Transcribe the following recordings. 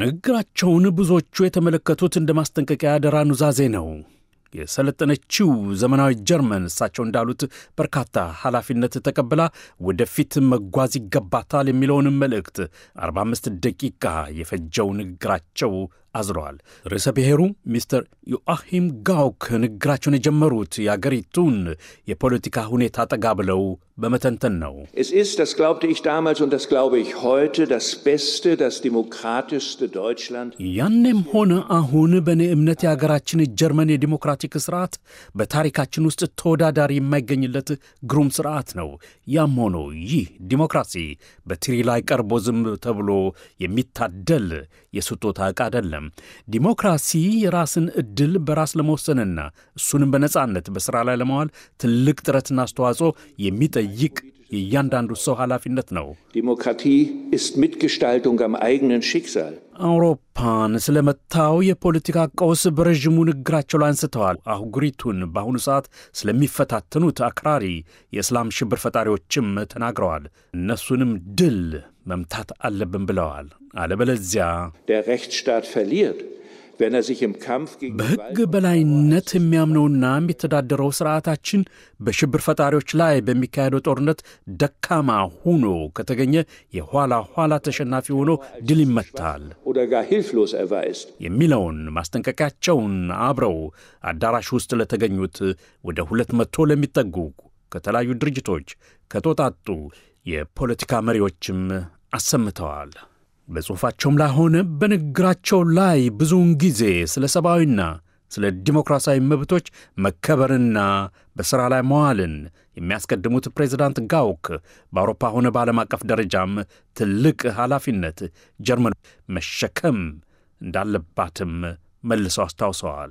ንግግራቸውን ብዙዎቹ የተመለከቱት እንደ ማስጠንቀቂያ አደራ ኑዛዜ ነው። የሰለጠነችው ዘመናዊ ጀርመን እሳቸው እንዳሉት በርካታ ኃላፊነት ተቀብላ ወደፊት መጓዝ ይገባታል የሚለውንም መልእክት 45 ደቂቃ የፈጀው ንግግራቸው አዝረዋል። ርዕሰ ብሔሩ ሚስተር ዮአሂም ጋውክ ንግግራቸውን የጀመሩት የአገሪቱን የፖለቲካ ሁኔታ ጠጋ ብለው በመተንተን ነው። ያኔም ሆነ አሁን በእኔ እምነት የሀገራችን ጀርመን የዲሞክራቲክ ስርዓት በታሪካችን ውስጥ ተወዳዳሪ የማይገኝለት ግሩም ስርዓት ነው። ያም ሆኖ ይህ ዲሞክራሲ በትሪ ላይ ቀርቦ ዝም ተብሎ የሚታደል የስጦታ ዕቃ አይደለም። ዲሞክራሲ የራስን እድል በራስ ለመወሰንና እሱንም በነጻነት በሥራ ላይ ለመዋል ትልቅ ጥረትና አስተዋጽኦ የሚጠይቅ የእያንዳንዱ ሰው ኃላፊነት ነው። ዲሞክራቲ ኢስት ሚትግስታልቱንግ አም አይግነን ሽክሳል አውሮፓን ስለመታው የፖለቲካ ቀውስ በረዥሙ ንግግራቸው ላይ አንስተዋል። አህጉሪቱን በአሁኑ ሰዓት ስለሚፈታተኑት አክራሪ የእስላም ሽብር ፈጣሪዎችም ተናግረዋል። እነሱንም ድል መምታት አለብን ብለዋል። አለበለዚያ er በሕግ በላይነት የሚያምነውና የሚተዳደረው ሥርዓታችን በሽብር ፈጣሪዎች ላይ በሚካሄደው ጦርነት ደካማ ሆኖ ከተገኘ የኋላ ኋላ ተሸናፊ ሆኖ ድል ይመታል የሚለውን ማስጠንቀቂያቸውን አብረው አዳራሽ ውስጥ ለተገኙት ወደ ሁለት መቶ ለሚጠጉ ከተለያዩ ድርጅቶች ከተውጣጡ የፖለቲካ መሪዎችም አሰምተዋል። በጽሑፋቸውም ላይ ሆነ በንግግራቸው ላይ ብዙውን ጊዜ ስለ ሰብአዊና ስለ ዲሞክራሲያዊ መብቶች መከበርና በሥራ ላይ መዋልን የሚያስቀድሙት ፕሬዚዳንት ጋውክ በአውሮፓ ሆነ በዓለም አቀፍ ደረጃም ትልቅ ኃላፊነት ጀርመን መሸከም እንዳለባትም መልሰው አስታውሰዋል።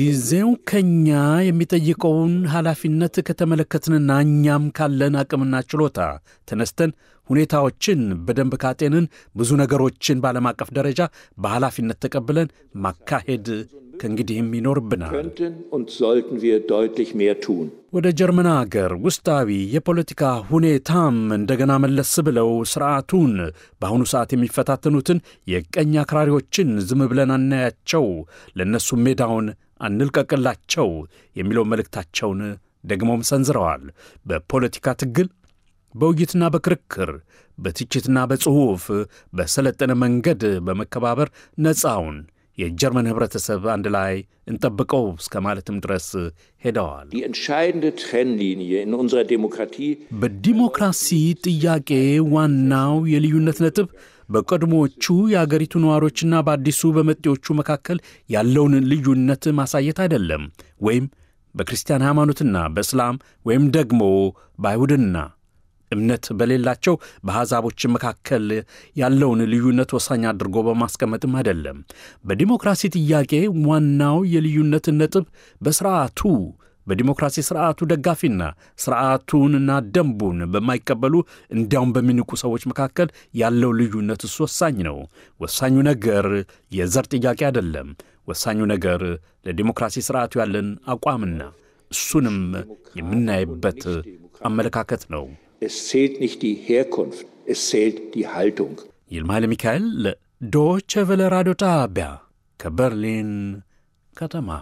ጊዜው ከኛ የሚጠይቀውን ኃላፊነት ከተመለከትንና እኛም ካለን አቅምና ችሎታ ተነስተን ሁኔታዎችን በደንብ ካጤንን ብዙ ነገሮችን በዓለም አቀፍ ደረጃ በኃላፊነት ተቀብለን ማካሄድ ከእንግዲህም ይኖርብናል። ወደ ጀርመን አገር ውስጣዊ የፖለቲካ ሁኔታም እንደገና መለስ ብለው ስርዓቱን በአሁኑ ሰዓት የሚፈታተኑትን የቀኝ አክራሪዎችን ዝም ብለን አናያቸው፣ ለእነሱ ሜዳውን አንልቀቅላቸው የሚለው መልእክታቸውን ደግሞም ሰንዝረዋል። በፖለቲካ ትግል በውይይትና በክርክር በትችትና በጽሑፍ በሰለጠነ መንገድ በመከባበር ነፃውን የጀርመን ህብረተሰብ አንድ ላይ እንጠብቀው እስከ ማለትም ድረስ ሄደዋል። በዲሞክራሲ ጥያቄ ዋናው የልዩነት ነጥብ በቀድሞዎቹ የአገሪቱ ነዋሪዎችና በአዲሱ በመጤዎቹ መካከል ያለውን ልዩነት ማሳየት አይደለም፣ ወይም በክርስቲያን ሃይማኖትና በእስላም ወይም ደግሞ በአይሁድና እምነት በሌላቸው በአሕዛቦች መካከል ያለውን ልዩነት ወሳኝ አድርጎ በማስቀመጥም አይደለም። በዲሞክራሲ ጥያቄ ዋናው የልዩነት ነጥብ በስርዓቱ በዲሞክራሲ ስርዓቱ ደጋፊና ስርዓቱንና ደንቡን በማይቀበሉ እንዲያውም በሚንቁ ሰዎች መካከል ያለው ልዩነት እሱ ወሳኝ ነው። ወሳኙ ነገር የዘር ጥያቄ አይደለም። ወሳኙ ነገር ለዲሞክራሲ ስርዓቱ ያለን አቋምና እሱንም የምናይበት አመለካከት ነው። Es zählt nicht die Herkunft, es zählt die Haltung. ይልማይል ሚካኤል ዶቸቨለ ራዲዮ ጣቢያ ከበርሊን ከተማ